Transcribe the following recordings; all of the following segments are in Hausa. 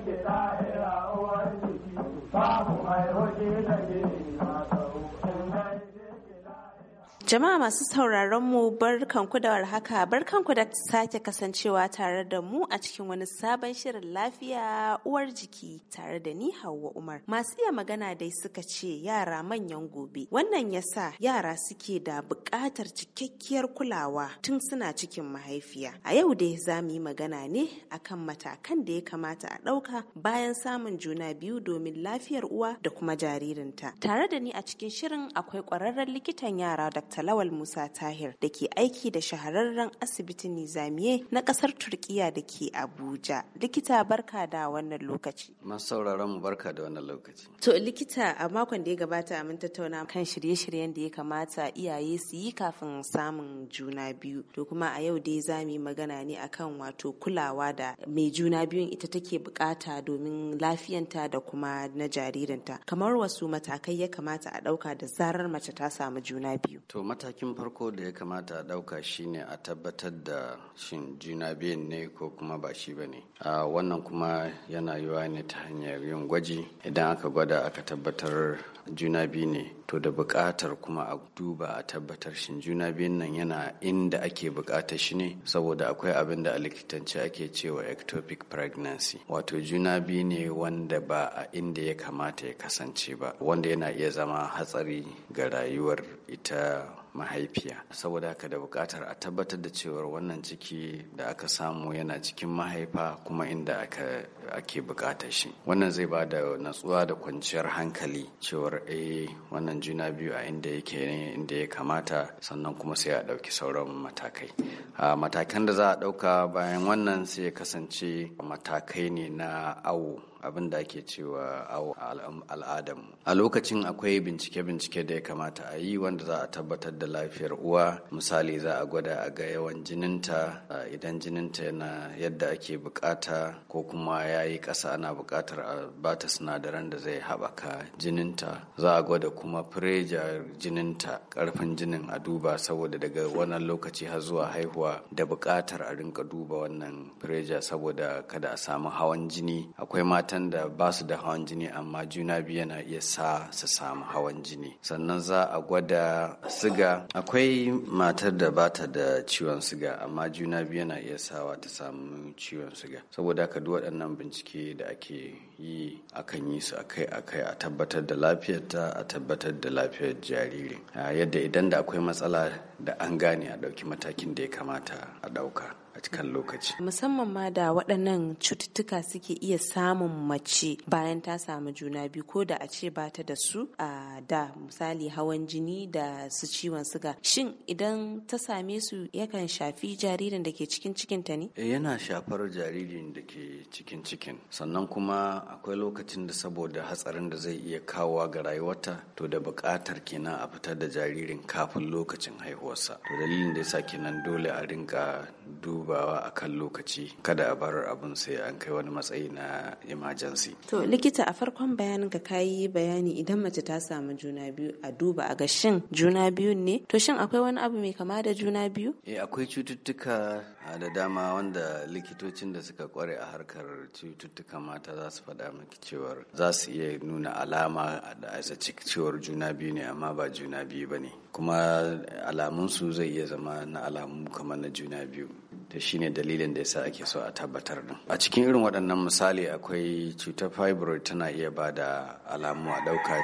que está Jama'a masu sauraron mu barkanku da warhaka barkanku da sake kasancewa tare da mu a cikin wani sabon shirin lafiya uwar jiki tare da ni Hauwa Umar. Masu iya magana dai suka ce yara manyan gobe. Wannan yasa yara suke da buƙatar cikakkiyar kulawa tun suna cikin mahaifiya. A yau dai za mu yi magana ne akan matakan da ya kamata a ɗauka bayan samun juna biyu domin lafiyar uwa da kuma jaririnta. Tare da ni a cikin shirin akwai ƙwararren likitan yara Dr. Talawal Lawal Musa Tahir da ke aiki da shahararren asibiti Nizamiye na kasar Turkiya da ke Abuja. Likita barka da wannan lokaci. Masu sauraron mu barka da wannan lokaci. To likita a makon da ya gabata mun tattauna kan shirye-shiryen da ya kamata iyaye su yi kafin samun juna biyu. To kuma a yau dai za mu yi magana ne akan wato kulawa da mai juna biyun ita take bukata domin lafiyanta da kuma na jaririnta. Kamar wasu matakai ya kamata a ɗauka da zarar mace ta samu juna biyu. To matakin farko da ya kamata a ɗauka shine a tabbatar da shin juna biyun ne ko kuma ba shi ba ne wannan kuma yana yiwa ne ta hanyar yin gwaji idan aka gwada aka tabbatar juna biyu ne to da buƙatar kuma a duba a tabbatar shin juna biyun nan yana inda ake buƙatar shi ne saboda akwai abin da a likitance ake cewa ectopic pregnancy wato juna biyu ne wanda ba a inda ya kamata ya kasance ba wanda yana iya zama hatsari ga rayuwar ita mahaifiya saboda haka da bukatar a tabbatar da cewar wannan ciki da aka samu yana cikin mahaifa kuma inda ake bukata shi wannan zai ba da natsuwa da kwanciyar hankali cewar eh wannan juna biyu a inda yake ne inda ya kamata sannan kuma sai a ɗauki sauran matakai a matakan da za a ɗauka bayan wannan sai ya kasance matakai ne na awo abin da ake cewa al'adam a lokacin akwai bincike-bincike da ya kamata a yi wanda za a tabbatar da lafiyar uwa misali za a gwada a ga yawan jininta idan jininta yana yadda ake bukata ko kuma ya yi ƙasa ana bukatar a bata sinadaran da zai haɓaka jininta za a gwada kuma fireja jininta ƙarfin jinin a duba saboda daga wannan lokaci har zuwa haihuwa da bukatar a rinka duba wannan fireja saboda kada a samu hawan jini akwai mata matan da ba su da hawan jini amma juna biyu yana iya sa su samu hawan jini sannan za a gwada siga akwai matar da ba ta da ciwon siga amma juna biyu yana iya sawa ta samu ciwon siga saboda haka duk waɗannan bincike da ake yi akan yi su akai akai a tabbatar da lafiyarta a tabbatar da lafiyar jariri yadda idan da akwai matsala da an gane a ɗauki matakin da ya kamata a ɗauka cikin lokaci musamman ma da waɗannan cututtuka suke iya samun mace bayan ta samu juna biyu ko da a ce ba ta da su a da misali hawan jini da su ciwon suga shin idan ta same su yakan shafi jaririn da ke cikin cikinta ne eh, yana shafar jaririn da ke cikin cikin sannan kuma akwai lokacin da saboda hatsarin da zai iya kawowa ga rayuwarta to da buƙatar kenan a fitar da jaririn kafin lokacin haihuwarsa to dalilin da yasa kenan dole a rinka dubawa a kan lokaci kada a bar abun sai an kai wani matsayi na emergency to likita a farkon bayanin ka kayi bayani idan mace ta samu juna biyu a duba a gashin juna biyun ne to shin akwai wani abu mai kama da juna biyu eh akwai cututtuka da dama wanda likitocin da suka kware a harkar cututtuka mata za su faɗa miki cewar za su iya nuna alama da aisa cewar juna biyu ne amma ba juna biyu ba ne kuma alamunsu zai iya zama na alamu kamar na juna biyu shi ne dalilin da ya sa ake so a tabbatar din a cikin irin waɗannan misali akwai cutar fibroid tana iya ba da alamu a ɗauka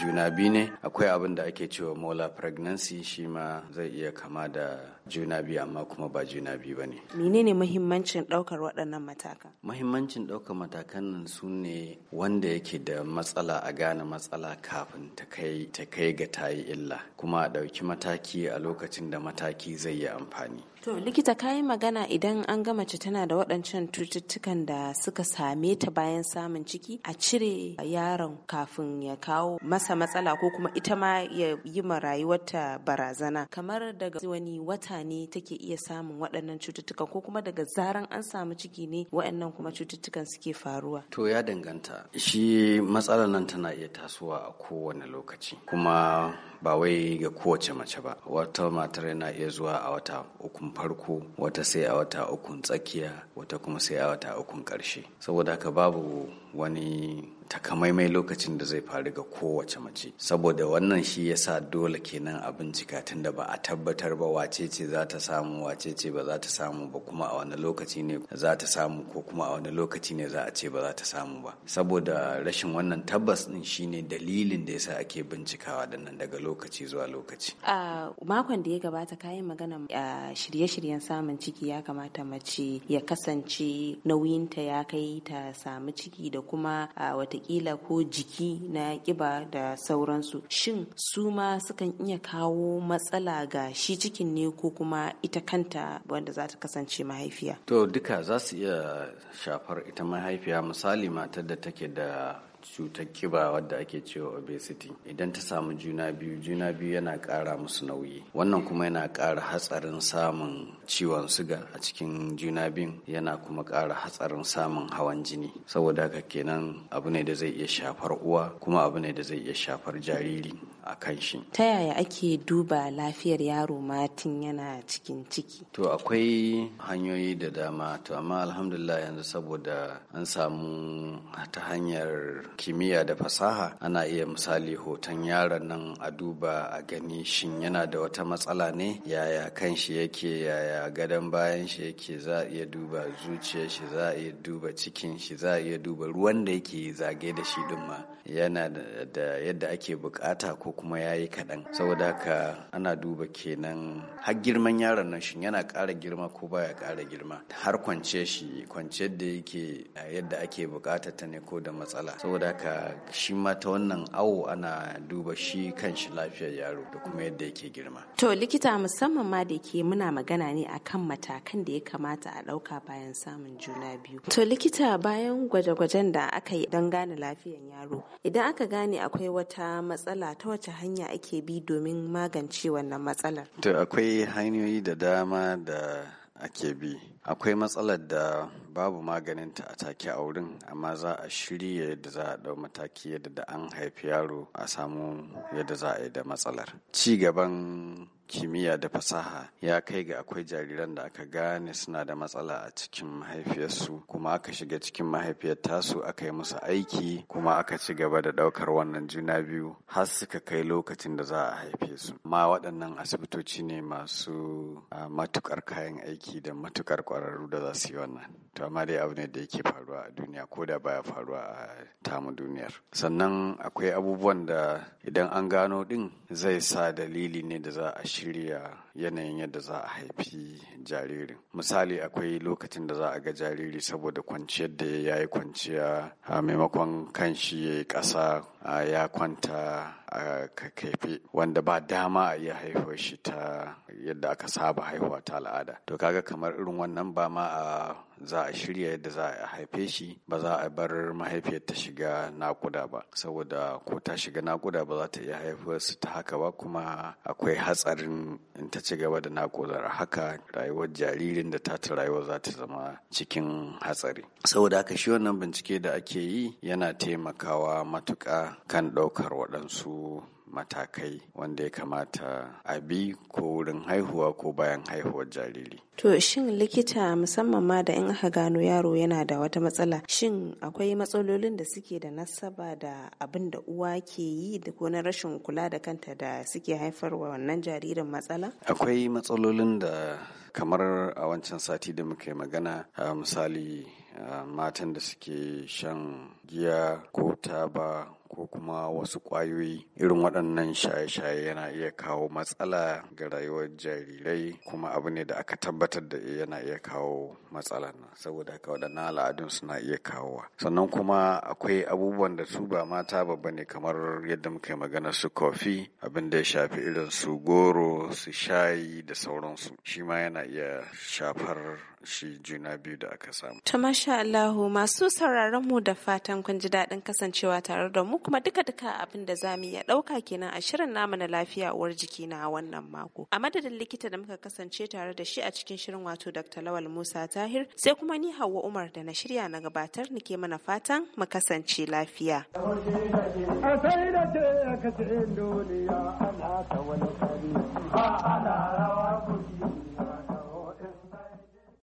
juna biyu ne akwai abin da ake cewa molar pregnancy shi ma zai iya kama da juna biyu amma kuma ba juna biyu ba ne menene mahimmancin ɗaukar waɗannan matakan mahimmancin ɗaukar matakan nan su ne wanda yake da matsala a gane matsala kafin ta ta kai ga tayi illa kuma a ɗauki mataki a lokacin da mataki zai yi amfani To likita ka yi magana idan an ga mace tana da waɗancan cututtukan da suka same ta bayan samun ciki a cire yaron kafin ya kawo masa matsala ko kuma ita ma ya yi ma rayuwarta barazana kamar daga wani wata ne take iya samun waɗannan cututtukan ko kuma daga zaran an samu ciki ne waɗannan kuma cututtukan suke faruwa. To ya danganta shi matsalar nan tana iya tasowa a kowane lokaci kuma ba wai ga kowace mace ba wata matar yana iya zuwa a wata uku farko wata sai a wata ukun tsakiya wata kuma sai a wata ukun ƙarshe saboda haka babu wani takamaimai lokacin da zai faru ga kowace mace saboda wannan shi ya sa dole kenan a bincika tun da ba a tabbatar ba wace ce za ta samu wace ce ba za ta samu ba kuma a wani lokaci ne za ta samu ko kuma a wani lokaci ne za a ce ba za ta samu ba saboda rashin wannan tabbas din shine dalilin da yasa ake bincikawa da nan daga lokaci zuwa lokaci a makon da ya gabata kayan magana a shirye-shiryen samun ciki ya kamata mace ya kasance nauyinta ya kai ta samu ciki da kuma wata watakila ko jiki na kiba da sauransu shin su ma sukan iya kawo matsala ga shi cikin ne ko kuma ita kanta wanda za ta kasance mahaifiya to duka za su iya shafar ita mahaifiya misali matar da take da cutar kiba wadda ake cewa obesity idan ta samu juna biyu juna biyu yana ƙara musu nauyi wannan kuma yana ƙara hatsarin samun ciwon suga a cikin juna biyun yana kuma ƙara hatsarin samun hawan jini saboda haka kenan abu ne da zai iya shafar uwa kuma abu ne da zai iya shafar jariri a kan shi ta yaya ake duba lafiyar yaro matin yana cikin ciki to akwai hanyoyi da dama to amma alhamdulillah yanzu saboda an samu ta hanyar kimiyya da fasaha ana iya misali hoton yaron nan a duba a gani shin yana da wata matsala ne yaya kan shi yake yaya gadon bayan shi yake za a iya duba zuciyar shi za a iya duba cikin shi za a iya duba ruwan da yake zage da shi din ma yana da yadda ake bukata ko kuma ya yi kaɗan saboda haka ana duba kenan har girman yaron nan shin yana ƙara girma ko baya ƙara girma har kwance shi kwance da yake yadda ake buƙata ta ne ko da matsala saboda haka shi ma ta wannan awo ana duba shi kan shi lafiyar yaro da kuma yadda yake girma to likita musamman ma da ke muna magana ne akan matakan da ya kamata a ɗauka bayan samun juna biyu to likita bayan gwaje-gwajen da aka yi don gane lafiyar yaro idan aka gane akwai wata matsala ta wace wace hanya ake bi domin magance wannan matsalar? To akwai hanyoyi da dama da ake bi. Akwai matsalar da babu maganinta a take a wurin, amma za a shirya yadda za a ɗau mataki yadda da an haifi yaro a samu yadda za a yi da matsalar. Ci gaban kimiyya da fasaha ya kai ga akwai jariran da aka gane suna da matsala a cikin mahaifiyarsu kuma aka shiga cikin mahaifiyar tasu aka yi musu aiki kuma aka ci gaba da daukar wannan juna biyu har suka kai lokacin da za a haife su ma waɗannan asibitoci ne masu matukar kayan aiki da matukar kwararru da za su yi wannan to amma dai abu ne da yake faruwa a duniya ko da baya faruwa a tamu duniyar sannan akwai abubuwan da idan an gano din zai sa dalili ne da za a shirya yanayin yadda za a haifi jaririn misali akwai lokacin da za a ga jariri saboda kwanciyar da ya yi kwanciya a maimakon kan shi ya yi ƙasa ya kwanta a kakaife wanda ba dama a iya haifar shi ta yadda aka saba haihuwa ta al'ada to kaga kamar irin wannan ba ma a za a shirya yadda za a haife shi ba za a bar mahaifiyar ta shiga nakuda ba saboda ko ta shiga nakuda ba za ta iya haifar su ta haka ba kuma akwai hatsarin in ta ci gaba da nakudar haka rayuwar jaririn da ta rayuwa za ta zama cikin hatsari saboda haka shi wannan bincike da ake yi yana taimakawa matuƙa kan ɗaukar waɗansu matakai wanda ya kamata a bi ko wurin haihuwa ko bayan haihuwar jariri. To shin likita musamman ma da in aka gano yaro yana da wata matsala shin akwai matsalolin da suke da nasaba da abin da uwa ke yi da ko na rashin kula da kanta da suke haifarwa wannan jaririn matsala? Akwai matsalolin da kamar a wancan sati da muka yi magana a misali Ah, matan da suke shan giya ko taba ko kuma wasu ƙwayoyi irin waɗannan shaye-shaye yana iya kawo matsala ga rayuwar jarirai kuma abu ne da aka tabbatar da eh yana iya kawo matsala nan saboda haka waɗannan al'adun suna iya kawowa sannan kuma akwai abubuwan da su ba mata babba ne kamar yadda muka yi magana su kofi abin da ya shafi irin su goro su shayi da sauransu shi ma yana iya shafar shi juna biyu da aka samu. Ta masha Allahu masu sauraron mu da fatan kun ji daɗin kasancewa tare da mu kuma duka duka abin da za mu iya ɗauka kenan a shirin namu na lafiya uwar jiki na wannan mako. A madadin likita da muka kasance tare da shi a cikin shirin wato Dr. Lawal Musa Tahir sai kuma ni Hauwa Umar da na shirya na gabatar nike mana fatan mu kasance lafiya. A ana rawa